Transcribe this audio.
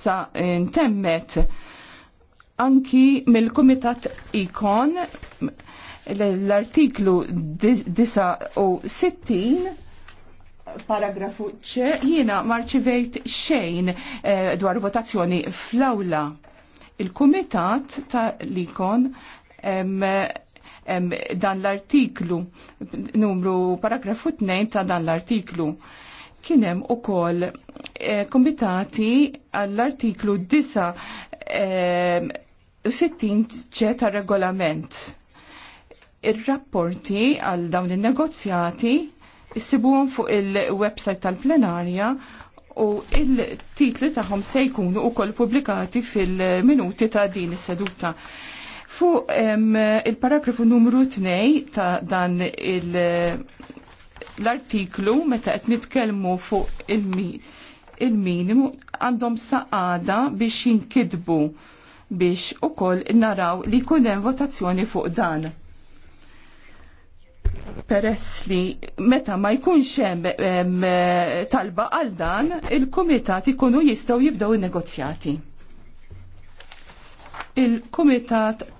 sa ntemmet anki mill-Kumitat Ikon l-artiklu 69 paragrafu C jiena marċivejt xejn eh, dwar votazzjoni fl-awla. Il-Kumitat ta' l-Ikon dan l-artiklu numru paragrafu 2 ta' dan l-artiklu kienem u koll Eh, kombitati għall-artiklu 69 eh, ċe ta' regolament. Ir-rapporti għal dawn il-negozjati issibuhom fuq il-website tal-plenarja u il-titli tagħhom se jkunu wkoll pubblikati fil-minuti ta' din is-seduta. Fuq il-paragrafu numru 2 ta' dan il- l-artiklu meta qed nitkellmu fuq il-mi il-minimu għandhom saqada biex jinkidbu biex u koll naraw li kunem votazzjoni fuq dan. Peress li meta ma jkunx hemm talba għal dan, il-kumitat ikunu jistgħu jibdew il negozjati Il-kumitat